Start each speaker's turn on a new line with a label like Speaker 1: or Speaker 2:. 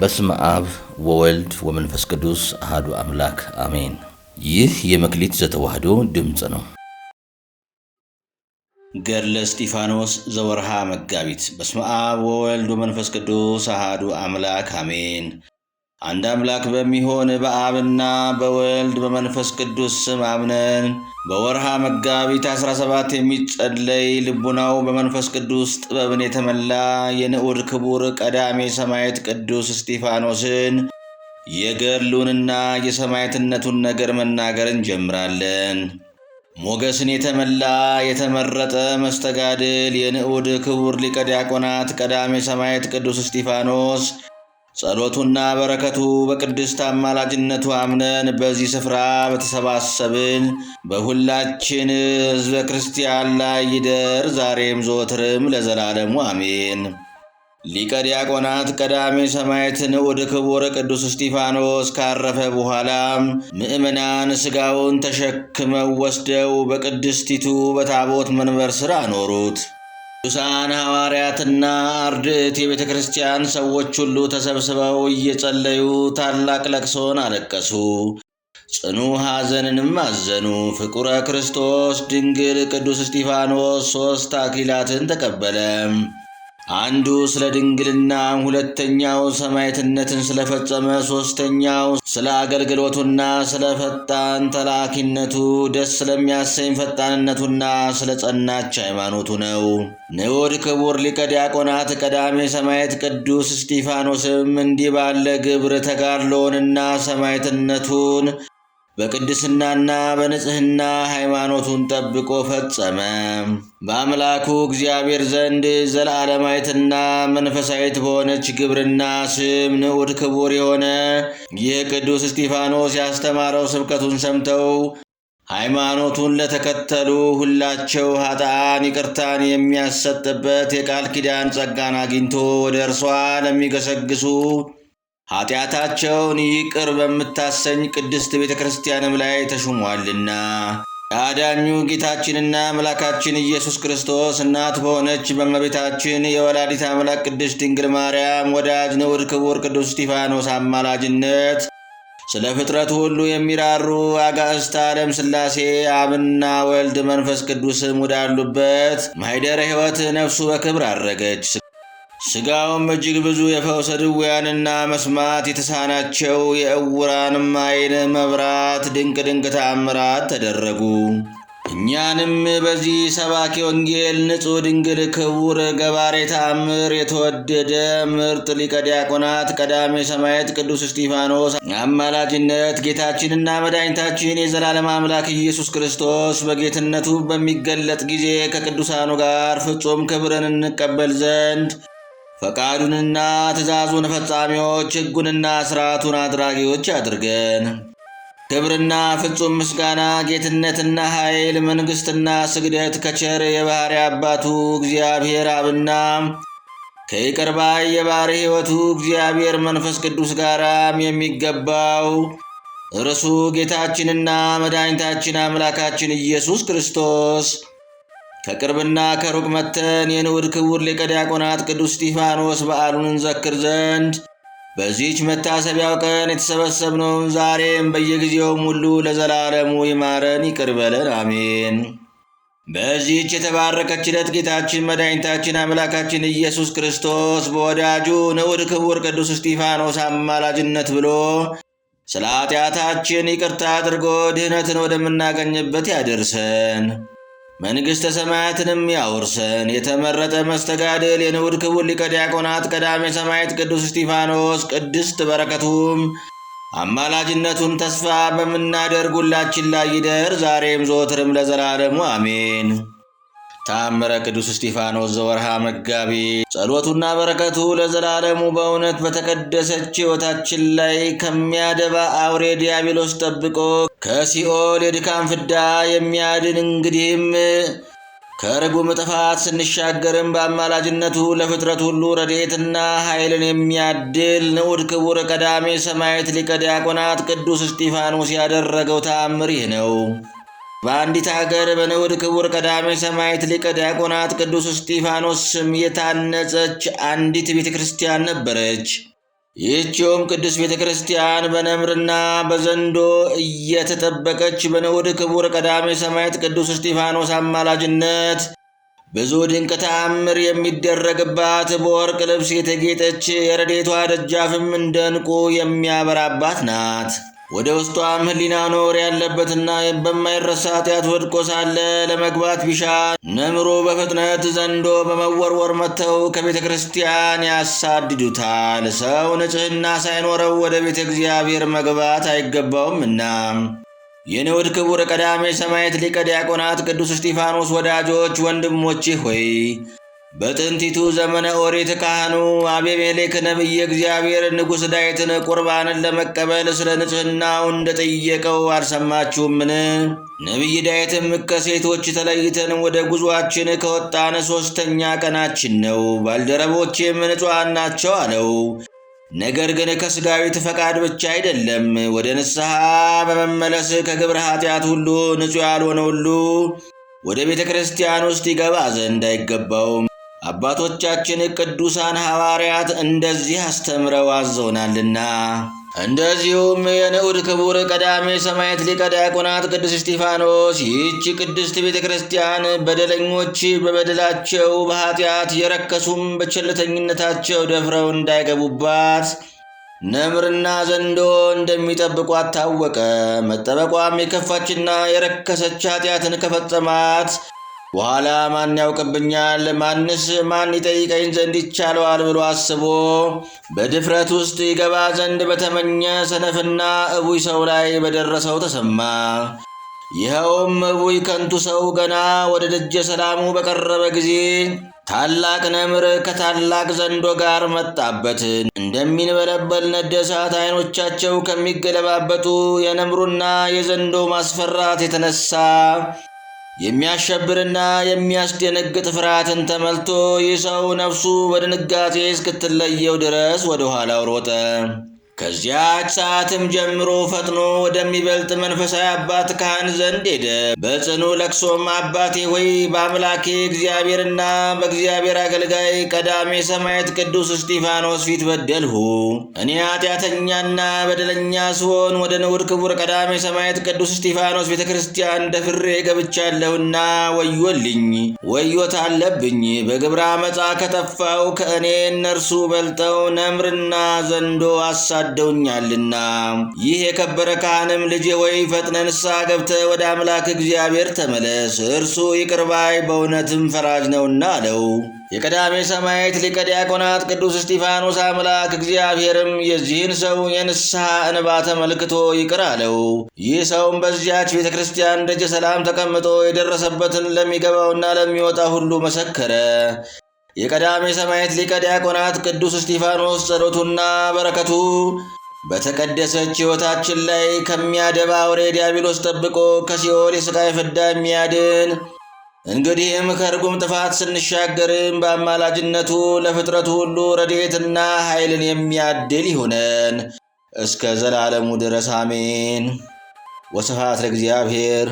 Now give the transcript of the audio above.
Speaker 1: በስመ አብ ወወልድ ወመንፈስ ቅዱስ አህዱ አምላክ አሜን። ይህ የመክሊት ዘተዋህዶ ድምፅ ነው። ገድለ እስጢፋኖስ ዘወርሃ መጋቢት። በስመ አብ ወወልድ ወመንፈስ ቅዱስ አህዱ አምላክ አሜን። አንድ አምላክ በሚሆን በአብና በወልድ በመንፈስ ቅዱስ ስም አምነን በወርሃ መጋቢት 17 የሚጸለይ ልቡናው በመንፈስ ቅዱስ ጥበብን የተመላ የንዑድ ክቡር ቀዳሜ ሰማዕት ቅዱስ እስጢፋኖስን የገድሉንና የሰማዕትነቱን ነገር መናገር እንጀምራለን። ሞገስን የተመላ የተመረጠ መስተጋድል የንዑድ ክቡር ሊቀ ዲያቆናት ቀዳሜ ሰማዕት ቅዱስ እስጢፋኖስ ጸሎቱና በረከቱ በቅድስት አማላጅነቱ አምነን በዚህ ስፍራ በተሰባሰብን በሁላችን ሕዝበ ክርስቲያን ላይ ይደር ዛሬም ዘወትርም ለዘላለሙ አሜን። ሊቀ ዲያቆናት ቀዳሜ ሰማዕት ወደ ክቡር ቅዱስ እስጢፋኖስ ካረፈ በኋላ ምእመናን ሥጋውን ተሸክመው ወስደው በቅድስቲቱ በታቦት መንበር ሥር አኖሩት። ቅዱሳን ሐዋርያትና አርድእት የቤተ ክርስቲያን ሰዎች ሁሉ ተሰብስበው እየጸለዩ ታላቅ ለቅሶን አለቀሱ፣ ጽኑ ሐዘንንም አዘኑ። ፍቁረ ክርስቶስ ድንግል ቅዱስ እስጢፋኖስ ሦስት አክሊላትን ተቀበለ። አንዱ ስለ ድንግልና፣ ሁለተኛው ሰማዕትነትን ስለፈጸመ፣ ሶስተኛው ስለ አገልግሎቱና ስለ ፈጣን ተላኪነቱ ደስ ስለሚያሰኝ ፈጣንነቱና ስለ ጸናች ሃይማኖቱ ነው። ንዑድ ክቡር ሊቀ ዲያቆናት ቀዳሜ ሰማዕት ቅዱስ እስጢፋኖስም እንዲህ ባለ ግብር ተጋድሎውንና ሰማዕትነቱን በቅድስናና በንጽህና ሃይማኖቱን ጠብቆ ፈጸመ። በአምላኩ እግዚአብሔር ዘንድ ዘለዓለማዊትና መንፈሳዊት በሆነች ግብርና ስም ንዑድ ክቡር የሆነ ይህ ቅዱስ እስጢፋኖስ ያስተማረው ስብከቱን ሰምተው ሃይማኖቱን ለተከተሉ ሁላቸው ኃጣን ይቅርታን የሚያሰጥበት የቃል ኪዳን ጸጋን አግኝቶ ወደ እርሷ ለሚገሰግሱ ኃጢአታቸውን ይቅር በምታሰኝ ቅድስት ቤተ ክርስቲያንም ላይ ተሹሟልና የአዳኙ ጌታችንና አምላካችን ኢየሱስ ክርስቶስ እናት በሆነች በእመቤታችን የወላዲት አምላክ ቅድስት ድንግል ማርያም ወዳጅ ንዑድ ክቡር ቅዱስ እስጢፋኖስ አማላጅነት ስለ ፍጥረት ሁሉ የሚራሩ አጋዕዝተ ዓለም ሥላሴ አብና ወልድ መንፈስ ቅዱስም ወዳሉበት ማኅደረ ሕይወት ነፍሱ በክብር አረገች። ሥጋውም እጅግ ብዙ የፈውሰ ድውያንና መስማት የተሳናቸው የእውራንም ዓይን መብራት ድንቅ ድንቅ ተአምራት ተደረጉ። እኛንም በዚህ ሰባኪ ወንጌል ንጹሕ ድንግል ክቡር ገባሬ ተአምር የተወደደ ምርጥ ሊቀ ዲያቆናት ቀዳሜ ሰማየት ቅዱስ እስጢፋኖስ አማላጅነት ጌታችንና መድኃኒታችን የዘላለም አምላክ ኢየሱስ ክርስቶስ በጌትነቱ በሚገለጥ ጊዜ ከቅዱሳኑ ጋር ፍጹም ክብርን እንቀበል ዘንድ ፈቃዱንና ትእዛዙን ፈጻሚዎች፣ ሕጉንና ሥርዓቱን አድራጊዎች አድርገን። ክብርና ፍጹም ምስጋና፣ ጌትነትና ኃይል፣ መንግሥትና ስግደት ከቸር የባሕሪ አባቱ እግዚአብሔር አብና ከይቅር ባይ የባሕሪ ሕይወቱ እግዚአብሔር መንፈስ ቅዱስ ጋራም የሚገባው እርሱ ጌታችንና መድኃኒታችን አምላካችን ኢየሱስ ክርስቶስ ከቅርብና ከሩቅ መተን የንዑድ ክቡር ሊቀ ዲያቆናት ቅዱስ እስጢፋኖስ በዓሉን እንዘክር ዘንድ በዚች መታሰቢያው ቀን የተሰበሰብነውን ዛሬም በየጊዜውም ሁሉ ለዘላለሙ ይማረን ይቅር በለን አሜን። በዚህች የተባረከች ዕለት ጌታችን መድኃኒታችን አምላካችን ኢየሱስ ክርስቶስ በወዳጁ ንዑድ ክቡር ቅዱስ እስጢፋኖስ አማላጅነት ብሎ ስለ ኃጢአታችን ይቅርታ አድርጎ ድኅነትን ወደምናገኝበት ያደርሰን። መንግሥተ ሰማያትንም ያውርሰን። የተመረጠ መስተጋድል የንዑድ ክቡር ሊቀ ዲያቆናት ቀዳሜ ሰማዕት ቅዱስ እስጢፋኖስ ቅድስት በረከቱም አማላጅነቱም ተስፋ በምናደርጉላችን ላይ ይደር ዛሬም ዘወትርም ለዘላለሙ አሜን። ታምረ ቅዱስ እስጢፋኖስ ዘወርሃ መጋቢ ጸሎቱና በረከቱ ለዘላለሙ በእውነት በተቀደሰች ሕይወታችን ላይ ከሚያደባ አውሬ ዲያብሎስ ጠብቆ ከሲኦል የድካም ፍዳ የሚያድን እንግዲህም ከርጉም ጥፋት ስንሻገርም በአማላጅነቱ ለፍጥረት ሁሉ ረድኤትና ኃይልን የሚያድል ንዑድ ክቡር ቀዳሜ ሰማዕት ሊቀ ዲያቆናት ቅዱስ እስጢፋኖስ ያደረገው ተአምር ይህ ነው። በአንዲት አገር በንዑድ ክቡር ቀዳሜ ሰማዕት ሊቀ ዲያቆናት ቅዱስ እስጢፋኖስ ስም የታነጸች አንዲት ቤተ ክርስቲያን ነበረች። ይህችውም ቅዱስ ቤተ ክርስቲያን በነምርና በዘንዶ እየተጠበቀች በንዑድ ክቡር ቀዳሜ ሰማዕት ቅዱስ እስጢፋኖስ አማላጅነት ብዙ ድንቅ ተአምር የሚደረግባት በወርቅ ልብስ የተጌጠች የረዴቷ ደጃፍም እንደ ዕንቁ የሚያበራባት ናት። ወደ ውስጧም ህሊና ኖር ያለበትና በማይረሳ ኃጢአት ወድቆ ሳለ ለመግባት ቢሻ ነምሮ በፍጥነት ዘንዶ በመወርወር መጥተው ከቤተ ክርስቲያን ያሳድዱታል። ሰው ንጽሕና ሳይኖረው ወደ ቤተ እግዚአብሔር መግባት አይገባውምና። የንውድ ክቡር ቀዳሜ ሰማዕት ሊቀ ዲያቆናት ቅዱስ እስጢፋኖስ ወዳጆች ወንድሞቼ ሆይ በጥንቲቱ ዘመነ ኦሪት ካህኑ አቤሜሌክ ነቢየ እግዚአብሔር ንጉሥ ዳዊትን ቁርባንን ለመቀበል ስለ ንጽሕናው እንደጠየቀው አልሰማችሁምን? ነቢይ ዳዊትም ከሴቶች ተለይተን ወደ ጉዞአችን ከወጣን ሦስተኛ ቀናችን ነው፣ ባልደረቦቼም ንጹሐን ናቸው አለው። ነገር ግን ከሥጋዊት ፈቃድ ብቻ አይደለም፣ ወደ ንስሐ በመመለስ ከግብረ ኃጢአት ሁሉ ንጹሕ ያልሆነ ሁሉ ወደ ቤተ ክርስቲያን ውስጥ ይገባ ዘንድ አይገባውም። አባቶቻችን ቅዱሳን ሐዋርያት እንደዚህ አስተምረው አዘውናልና። እንደዚሁም የንዑድ ክቡር ቀዳሜ ሰማዕት ሊቀ ዲያቆናት ቅዱስ እስጢፋኖስ ይህች ቅድስት ቤተ ክርስቲያን በደለኞች በበደላቸው በኃጢአት የረከሱም በቸልተኝነታቸው ደፍረው እንዳይገቡባት ነምርና ዘንዶ እንደሚጠብቋት ታወቀ። መጠበቋም የከፋችና የረከሰች ኃጢአትን ከፈጸማት በኋላ ማን ያውቅብኛል፣ ማንስ ማን ይጠይቀኝ ዘንድ ይቻለዋል ብሎ አስቦ በድፍረት ውስጥ ይገባ ዘንድ በተመኘ ሰነፍና እቡይ ሰው ላይ በደረሰው ተሰማ። ይኸውም እቡይ ከንቱ ሰው ገና ወደ ደጀ ሰላሙ በቀረበ ጊዜ ታላቅ ነምር ከታላቅ ዘንዶ ጋር መጣበት። እንደሚንበለበል ነደ እሳት ዓይኖቻቸው ከሚገለባበጡ የነምሩና የዘንዶ ማስፈራት የተነሳ የሚያሸብርና የሚያስደነግጥ ፍርሃትን ተመልቶ ይህ ሰው ነፍሱ በድንጋጤ እስክትለየው ድረስ ወደ ኋላው ሮጠ። ከዚያች ሰዓትም ጀምሮ ፈጥኖ ወደሚበልጥ መንፈሳዊ አባት ካህን ዘንድ ሄደ። በጽኑ ለቅሶም አባቴ ሆይ በአምላኬ እግዚአብሔርና በእግዚአብሔር አገልጋይ ቀዳሜ ሰማዕት ቅዱስ እስጢፋኖስ ፊት በደልሁ። እኔ ኃጢአተኛና በደለኛ ስሆን ወደ ንዑድ ክቡር ቀዳሜ ሰማዕት ቅዱስ እስጢፋኖስ ቤተ ክርስቲያን ደፍሬ ገብቻለሁና ወዮልኝ፣ ወዮት አለብኝ። በግብረ መጻ ከተፋው ከእኔ እነርሱ በልጠው ነምርና ዘንዶ አሳ። ተናደውኛልና። ይህ የከበረ ካህንም ልጅ ወይ ፈጥነ ንስሐ ገብተ ወደ አምላክ እግዚአብሔር ተመለስ፣ እርሱ ይቅርባይ በእውነትም ፈራጅ ነውና አለው። የቀዳሜ ሰማዕት ሊቀ ዲያቆናት ቅዱስ እስጢፋኖስ አምላክ እግዚአብሔርም የዚህን ሰው የንስሐ እንባ ተመልክቶ ይቅር አለው። ይህ ሰውም በዚያች ቤተ ክርስቲያን ደጀ ሰላም ተቀምጦ የደረሰበትን ለሚገባውና ለሚወጣ ሁሉ መሰከረ። የቀዳሜ ሰማዕት ሊቀ ዲያቆናት ቅዱስ እስጢፋኖስ ጸሎቱና በረከቱ በተቀደሰች ሕይወታችን ላይ ከሚያደባ አውሬ ዲያብሎስ ጠብቆ ከሲኦል የሥቃይ ፍዳ የሚያድን እንግዲህም ከርጉም ጥፋት ስንሻገርም በአማላጅነቱ ለፍጥረቱ ሁሉ ረድኤትና ኃይልን የሚያድል ይሁነን እስከ ዘላለሙ ድረስ አሜን። ወሰፋት ለእግዚአብሔር።